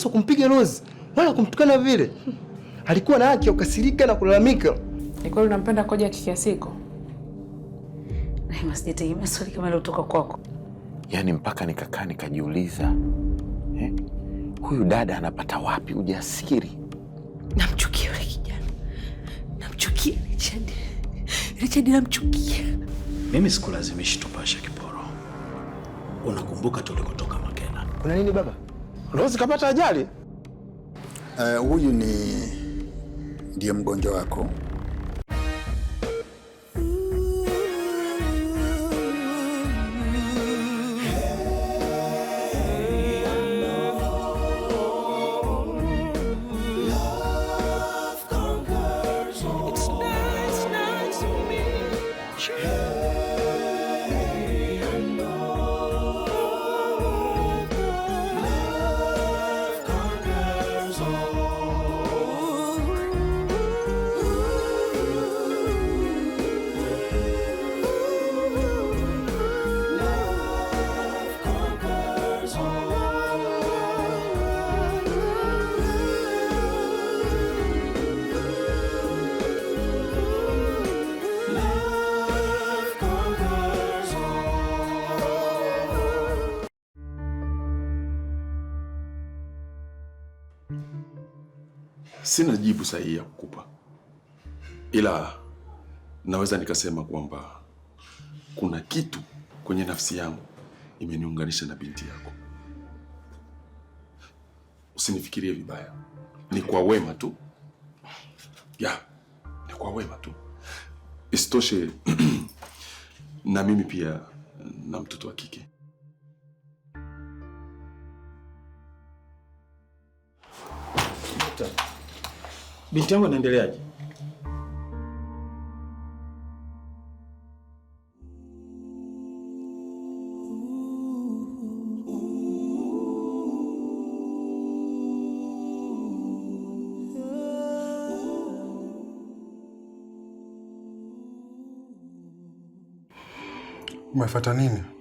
haikupaswa kumpiga Rose wala kumtukana vile. Alikuwa na haki ya kukasirika na kulalamika. Ni kweli unampenda Koja kikiasiko? Rehema, sijategemea swali kama hilo kwako. Yaani mpaka nikakaa nikajiuliza, eh, huyu dada anapata wapi ujasiri? Namchukia yule kijana, namchukia Richard. Richard namchukia. Mimi sikulazimishi tupasha kiporo. Unakumbuka tulikotoka Makena. Kuna nini baba? Rose kapata ajali? Uh, huyu ni ndiye mgonjwa wako Sina jibu sahihi ya kukupa, ila naweza nikasema kwamba kuna kitu kwenye nafsi yangu imeniunganisha na binti yako. Usinifikirie vibaya, ni kwa wema tu ya, ni kwa wema tu. Isitoshe na mimi pia na mtoto wa kike. Binti yangu anaendeleaje? Umefuata nini?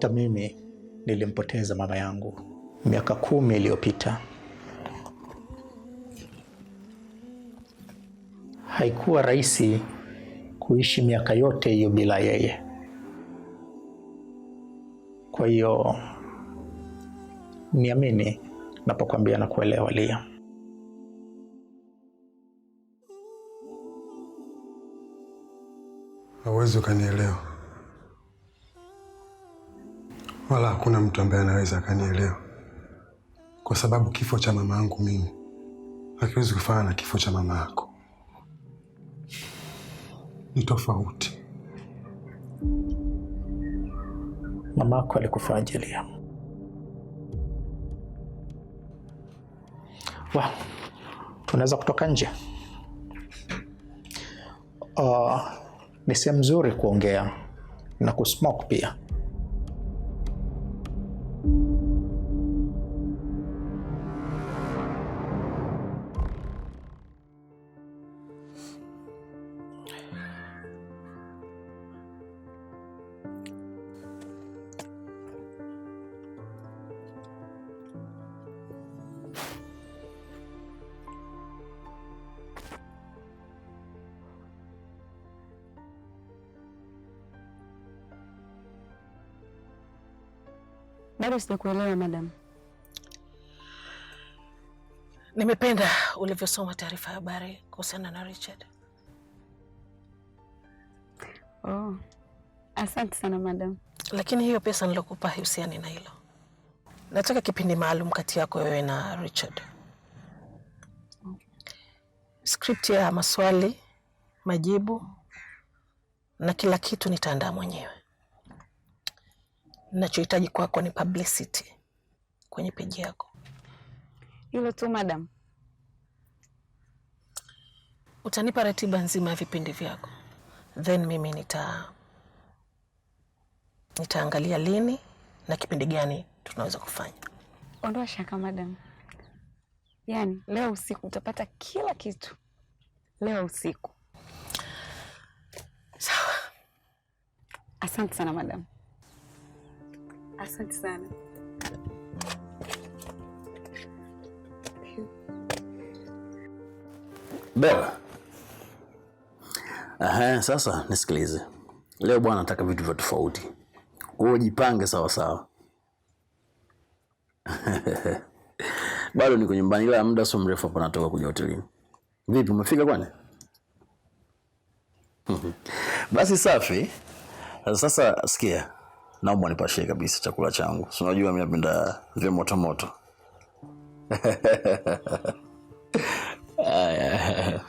Hata mimi nilimpoteza mama yangu miaka kumi iliyopita. Haikuwa rahisi kuishi miaka yote hiyo bila yeye. Kwa hiyo niamini napokwambia na kuelewa, Lia. Hawezi ukanielewa wala hakuna mtu ambaye anaweza akanielewa, kwa sababu kifo cha mama yangu mimi hakiwezi kufana na kifo cha mama yako, ni tofauti. Mama yako alikufa ajili wa, tunaweza kutoka nje. Uh, ni sehemu nzuri kuongea na kusmoke pia. thank you Bado sijakuelewa madam. Nimependa ulivyosoma taarifa ya habari kuhusiana na Richard. Oh, asante sana madam. Lakini hiyo pesa nilokupa husiani na hilo. Nataka kipindi maalum kati yako wewe na Richard. Okay. Script ya maswali, majibu na kila kitu nitaandaa mwenyewe. Ninachohitaji kwako ni publicity kwenye peji yako. Hilo tu madam. Utanipa ratiba nzima ya vipindi vyako, then mimi nita nitaangalia lini na kipindi gani tunaweza kufanya. Ondoa shaka madam, yaani leo usiku utapata kila kitu, leo usiku. Sawa, asante sana madam. Asante sana. Bella. Aha, sasa nisikilize. Leo bwana nataka vitu vya tofauti. Wewe jipange sawa sawa. Bado niko nyumbani ila muda sio mrefu hapa natoka kuja hotelini. Vipi umefika kwani? Basi safi. Sasa sikia, naomba nipashie kabisa chakula changu, si unajua mimi napenda vya moto moto. Aya.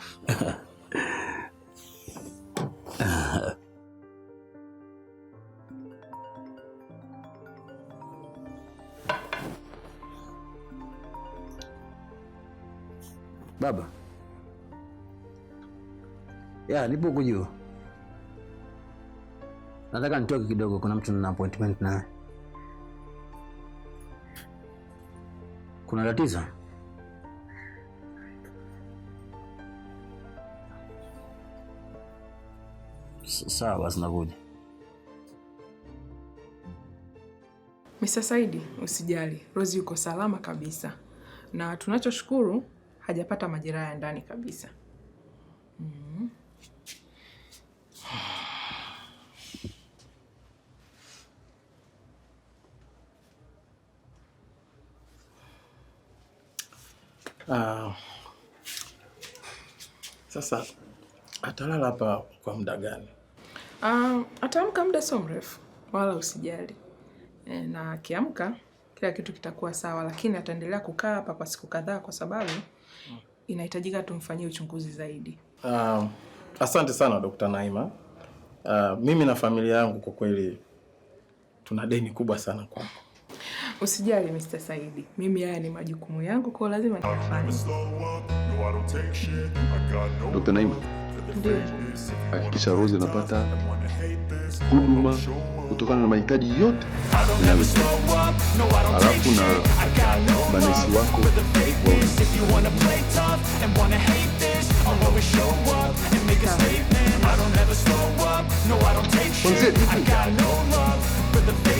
Baba, ya nipo kujua Nataka nitoke kidogo, kuna mtu na appointment naye. Kuna tatizo? Sawa basi, nakuja. Mr. Saidi, usijali, Rozi yuko salama kabisa, na tunachoshukuru hajapata majeraha ya ndani kabisa mm. Ah. sasa atalala hapa kwa muda gani? Uh, ataamka muda sio mrefu, wala usijali e, na akiamka kila kitu kitakuwa sawa, lakini ataendelea kukaa hapa kwa siku kadhaa, kwa sababu inahitajika tumfanyie uchunguzi zaidi. Uh, asante sana Dr. Naima. Uh, mimi na familia yangu kwa kweli tuna deni kubwa sana kwako. Usijali Mr. Saidi, mimi haya ni majukumu yangu kwa lazima nifanye. Dr. Naima, hakikisha Rose anapata huduma kutokana na mahitaji yote alafu na manesi wako wa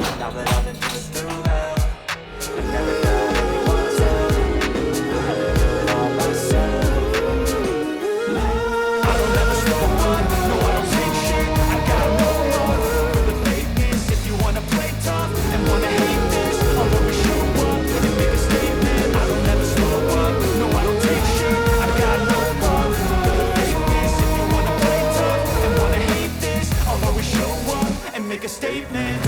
i do not ever slow up, no, I don't take shit. I got no for the If you wanna play tough and wanna hate this, I'll always show up and make a statement. I don't ever slow up, no, I don't take shit. I got no for the If you wanna play tough and wanna hate this, I'll always show up and make a statement.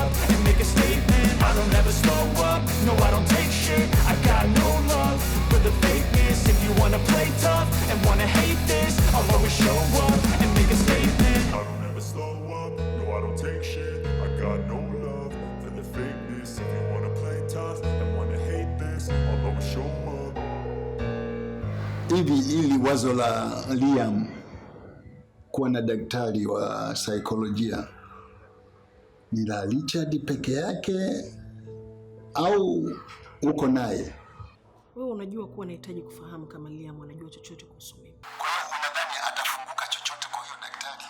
Hili wazo la Liam kuwa na daktari wa saikolojia ni la Richard peke yake au uko naye wewe? Unajua kuwa nahitaji kufahamu kama Liam anajua chochote kuhusu mimi. Kwa hiyo unadhani atafunguka chochote kwa huyo daktari?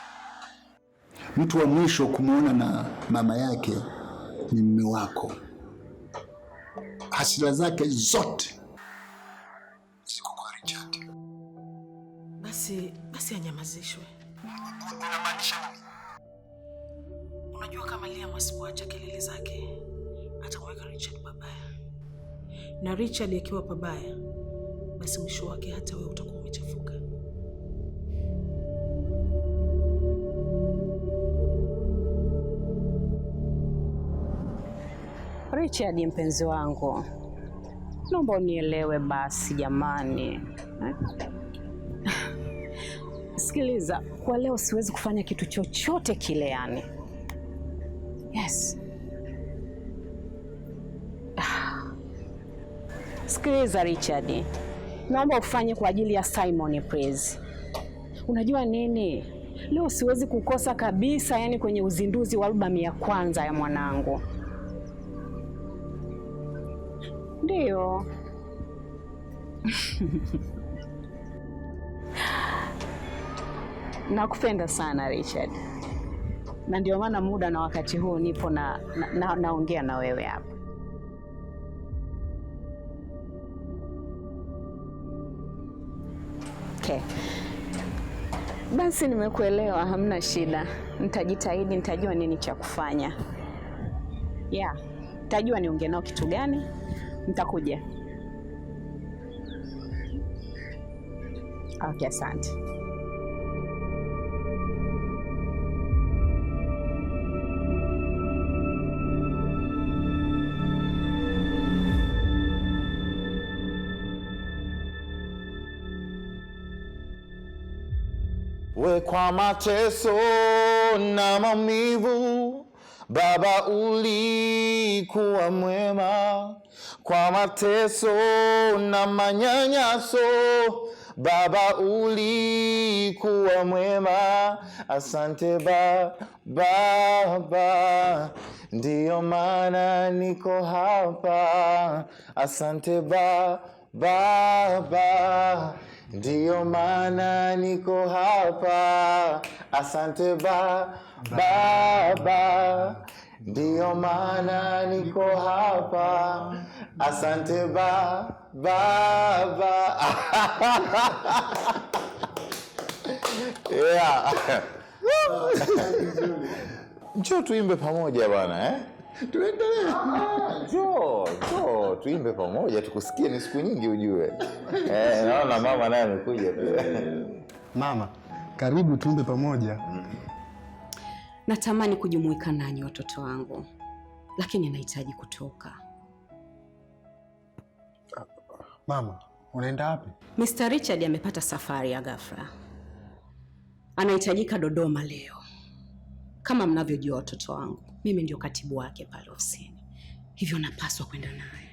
Mtu wa mwisho kumwona na mama yake ni mume wako. Hasira zake zote basi basi anyamazishwe. Unamaanisha? Unajua kama Liam asipoacha kelele zake atamweka Richard pabaya, na Richard akiwa pabaya, basi mwisho wake hata wewe utakuwa umechafuka. Richard, mpenzi wangu, naomba unielewe basi jamani eh? Sikiliza, kwa leo siwezi kufanya kitu chochote kile, yani yes. Sikiliza Richard, naomba ufanye kwa ajili ya Simon Praise. Unajua nini, leo siwezi kukosa kabisa, yani kwenye uzinduzi wa albamu ya kwanza ya mwanangu. Ndiyo. Nakupenda sana Richard, na ndio maana muda na wakati huu nipo na naongea na, na, na wewe hapa. Okay. Basi nimekuelewa, hamna shida. Nitajitahidi, nitajua nini cha kufanya. Yeah, nitajua niongee nao kitu gani, nitakuja. Okay, asante. kwa mateso na maumivu, Baba ulikuwa mwema. Kwa mateso na manyanyaso, Baba ulikuwa mwema. Asante Baba, ndiyo maana niko hapa. Asante Baba. Ndiyo maana niko hapa, asante ba Baba. Ndiyo maana niko hapa, asante ba Baba. yeah. Njoo tuimbe pamoja bana eh? tuendelee. Ah, njoo, njoo tuimbe pamoja, tukusikie ni siku nyingi ujue. Eh, naona mama naye amekuja pia. Mama, karibu tuimbe pamoja. Mm. Natamani kujumuika nanyi watoto wangu, lakini nahitaji kutoka. Mama, unaenda wapi? Mr. Richard amepata safari ya ghafla, anahitajika Dodoma leo. Kama mnavyojua watoto wangu, mimi ndio katibu wake pale ofisini, hivyo napaswa kwenda naye.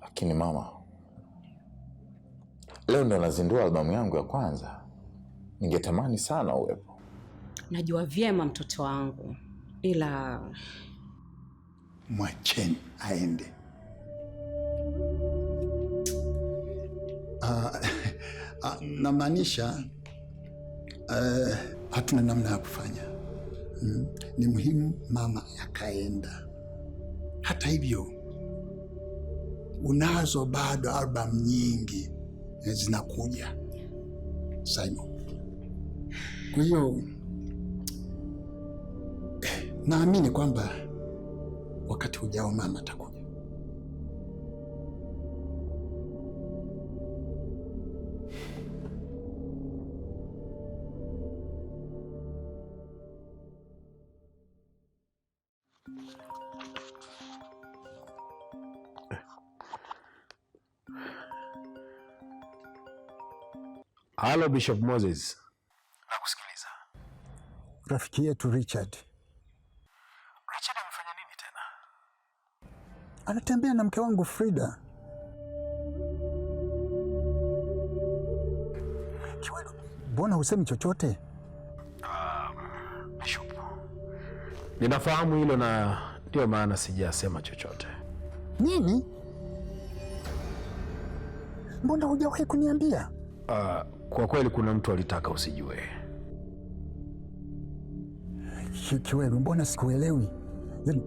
Lakini mama, leo ndo nazindua albamu yangu ya kwanza, ningetamani sana uwepo. Najua vyema mtoto wangu, ila mwacheni aende. Uh, uh, namaanisha uh, hatuna namna ya kufanya mm, ni muhimu mama akaenda. Hata hivyo, unazo bado albamu nyingi zinakuja Simon. Kwa hiyo eh, naamini kwamba wakati ujao mama atakuwa Halo Bishop Moses. Nakusikiliza. Rafiki yetu Richard. Richard amefanya nini tena? Anatembea na mke wangu Frida. Kiwelo, mbona husemi chochote? Um, Bishop. Ninafahamu hilo na ndio maana sijasema chochote. Nini? Mbona hujawahi kuniambia? Uh, kwa kweli kuna mtu alitaka usijue. Kiwewe, mbona sikuelewi? Yaani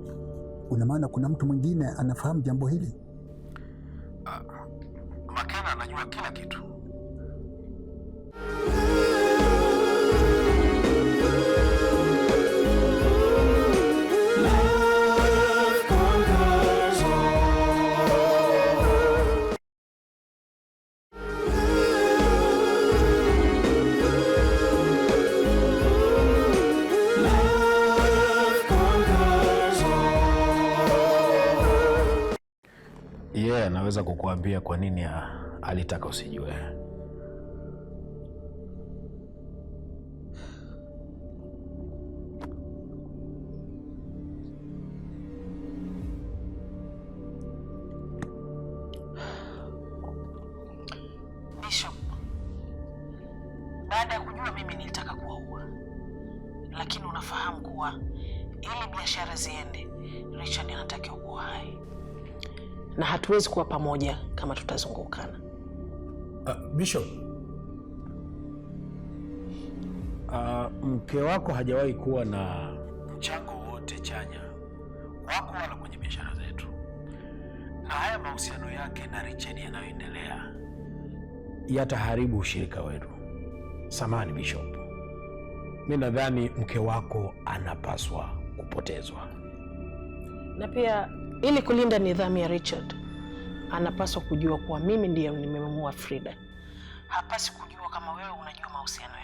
una maana kuna mtu mwingine anafahamu jambo hili? Uh, Makena anajua kila kitu. yeye yeah, anaweza kukuambia kwa nini alitaka usijue. hatuwezi kuwa pamoja kama tutazungukana. Uh, Bishop, uh, mke wako hajawahi kuwa na mchango wote chanya wako wala kwenye biashara zetu, na haya mahusiano yake na Richard yanayoendelea yataharibu ushirika wetu. Samani Bishop, mi nadhani mke wako anapaswa kupotezwa, na pia ili kulinda nidhamu ya Richard anapaswa kujua kuwa mimi ndiye nimemua Frida. Hapasi kujua kama wewe unajua mahusiano yao.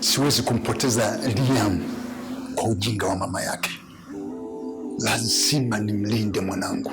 Siwezi kumpoteza Liam kwa ujinga wa mama yake. Lazima nimlinde mwanangu.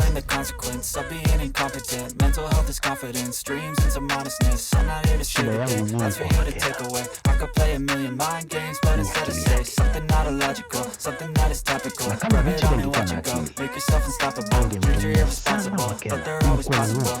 consequence of being incompetent. Mental health is confidence, dreams and some modestness. I'm not here to shoot it, that's for you to take away. I could play a million mind games, but instead I say something not illogical, something that is topical. Rub it on and watch it go, make yourself unstoppable. You're irresponsible, but they're always possible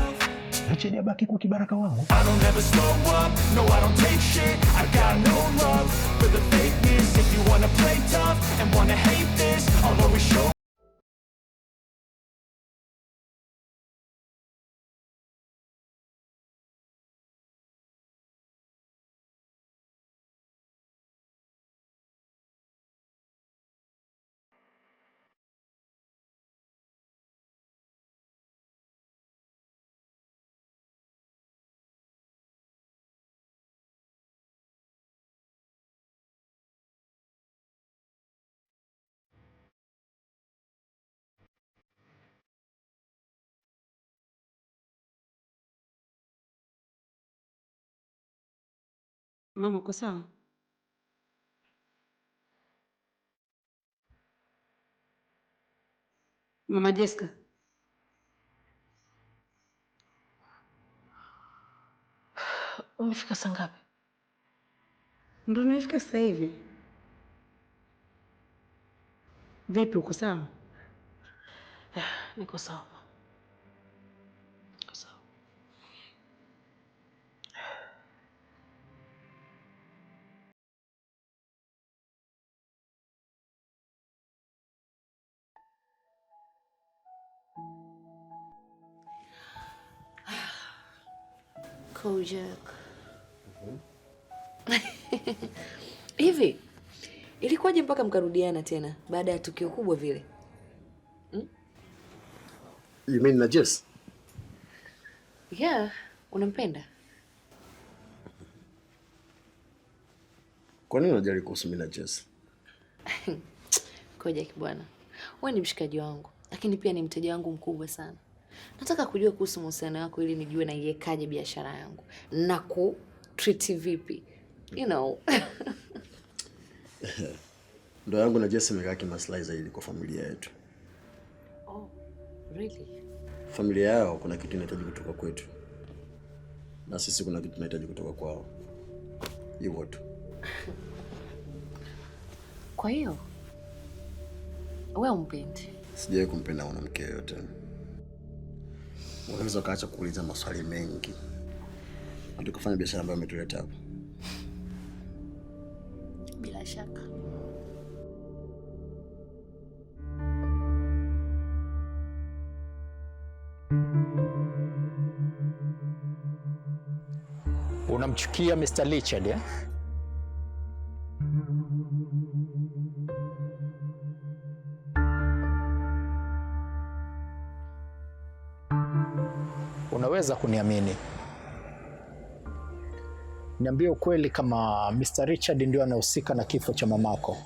acheni abaki kwa kibaraka wangu. I mama muku sawa mama Jesca, umefika saa ngapi? Ndo nimefika sasa hivi. Vipi, uko sawa? Niko sawa. Kojak. Mhm. Hivi ilikuwaje mpaka mkarudiana tena baada ya tukio kubwa vile? Hmm? You mean na Jess? Yeah, unampenda? Kwa nini unajali kuhusu mimi na Jess? Kojak bwana, wewe ni mshikaji wangu lakini pia ni mteja wangu mkubwa sana. Nataka kujua kuhusu mahusiano yako ili nijue naiwekaje biashara yangu na ku treat vipi, you know ndo yangu na Jesse imekaa kimaslahi zaidi kwa familia yetu. Oh, really? Familia yao kuna kitu inahitaji kutoka kwetu na sisi kuna kitu tunahitaji kutoka kwao, hivyo tu. Kwa hiyo wewe umpendi Sijawahi kumpenda mwanamke yoyote. Unaweza ukaacha kuuliza maswali mengi na kufanya biashara ambayo umetuleta hapa. Bila shaka unamchukia Mr. Richard eh? unaweza kuniamini? Niambie ukweli kama Mr. Richard ndio anahusika na kifo cha mamako.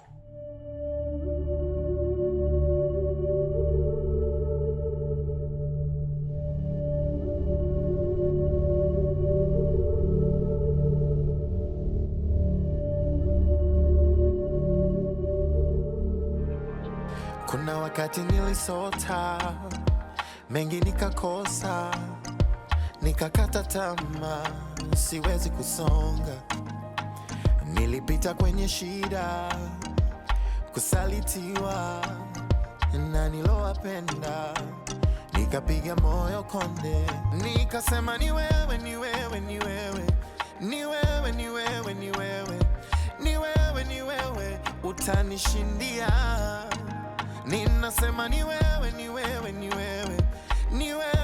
Kuna wakati nilisota mengi nikakosa nikakata tama, siwezi kusonga. Nilipita kwenye shida, kusalitiwa na nilowapenda, nikapiga moyo konde, nikasema ni wewe, ni wewe, ni wewe, ni wewe, ni wewe, ni wewe, ni wewe, ni wewe utanishindia. Ninasema ni wewe, ni wewe, ni wewe, ni wewe